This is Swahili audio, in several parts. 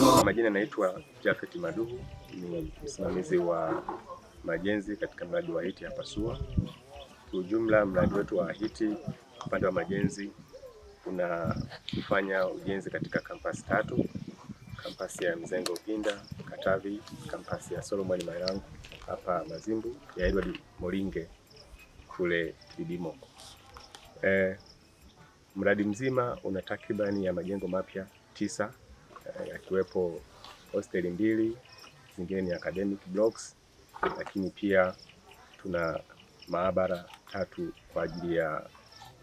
Kwa majina naitwa Jafet Maduhu, ni msimamizi wa majenzi katika mradi wa HEET hapa SUA. Kiujumla, mradi wetu wa HEET upande wa majenzi unafanya ujenzi katika kampasi tatu: kampasi ya Mzengo Upinda Katavi, kampasi ya Solomon Mahlangu hapa Mazimbu, ya Edward Moringe kule Kidimo. Eh, mradi mzima una takribani ya majengo mapya tisa Eh, yakiwepo hosteli mbili, zingine ni academic blocks, lakini pia tuna maabara tatu kwa ajili ya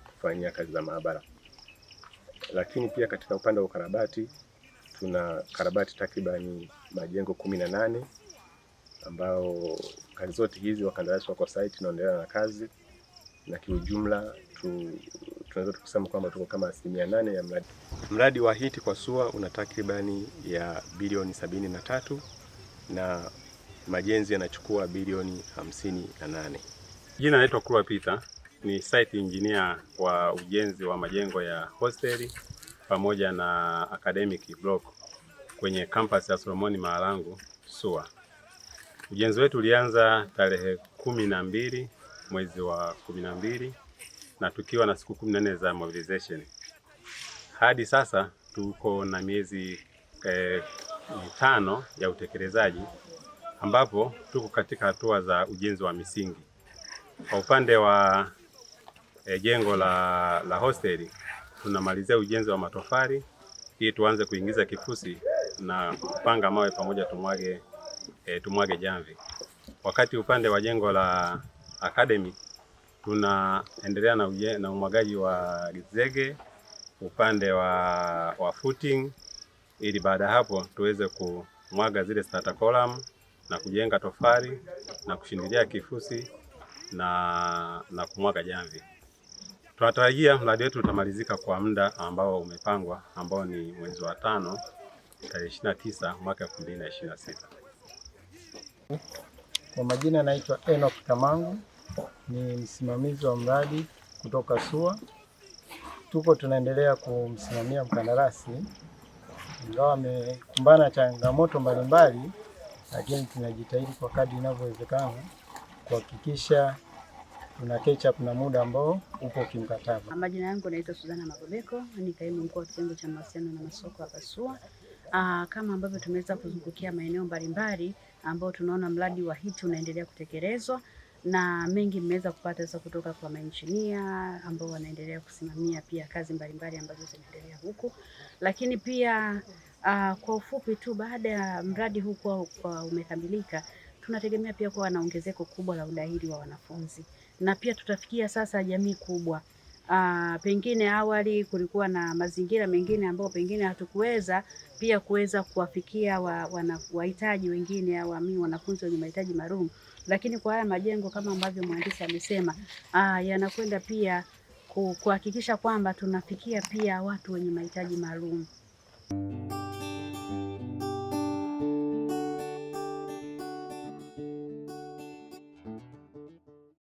kufanyia kazi za maabara. Lakini pia katika upande wa ukarabati tuna karabati takribani majengo kumi na nane ambao kazi zote hizi wakandarasi wako site, naendelea na kazi na kiujumla tu tunaweza tukusema kwamba tuko kama asilimia nane ya mradi. Mradi wa hiti kwa SUA una takribani ya bilioni sabini na tatu na majenzi yanachukua bilioni hamsini na nane. Jina naitwa Kulwa Peter, ni site engineer wa ujenzi wa majengo ya hosteli pamoja na academic block kwenye campus ya Solomoni Mahalangu SUA. Ujenzi wetu ulianza tarehe kumi na mbili mwezi wa kumi na mbili na tukiwa na siku kumi na nne za mobilization. Hadi sasa tuko na miezi eh, mitano ya utekelezaji ambapo tuko katika hatua za ujenzi wa misingi. Kwa upande wa eh, jengo la, la hosteli tunamalizia ujenzi wa matofali ili tuanze kuingiza kifusi na kupanga mawe pamoja tumwage, eh, tumwage jamvi. Wakati upande wa jengo la academy tunaendelea na, na umwagaji wa zege upande wa, wa footing ili baada ya hapo tuweze kumwaga zile starter column na kujenga tofali na kushindilia kifusi na, na kumwaga jamvi. Tunatarajia mradi wetu utamalizika kwa muda ambao umepangwa ambao ni mwezi wa tano tarehe 29 mwaka 2026. Kwa majina anaitwa Enoch Kamangu ni msimamizi wa mradi kutoka SUA. Tuko tunaendelea kumsimamia mkandarasi, ingawa amekumbana changamoto mbalimbali, lakini tunajitahidi kwa kadri inavyowezekana kuhakikisha tuna catch up na muda ambao upo kimkataba. Majina yangu naitwa Suzana Magobeko, ni kaimu mkuu wa kitengo cha mawasiliano na masoko hapa SUA. Aa, ah, kama ambavyo tumeweza kuzungukia maeneo mbalimbali ambao tunaona mradi wa HEET unaendelea kutekelezwa na mengi mmeweza kupata sasa kutoka kwa mainjinia ambao wanaendelea kusimamia pia kazi mbalimbali ambazo zinaendelea huku, lakini pia uh, kwa ufupi tu, baada ya mradi huu kwa umekamilika, tunategemea pia kuwa na ongezeko kubwa la udahili wa wanafunzi na pia tutafikia sasa jamii kubwa. Aa, ah, pengine awali kulikuwa na mazingira mengine ambayo pengine hatukuweza pia kuweza kuwafikia wahitaji wa, wa wengine au wanafunzi wenye mahitaji maalum, lakini kwa haya majengo kama ambavyo mhandisi amesema, ah, yanakwenda pia kuhakikisha kwamba tunafikia pia watu wenye mahitaji maalum.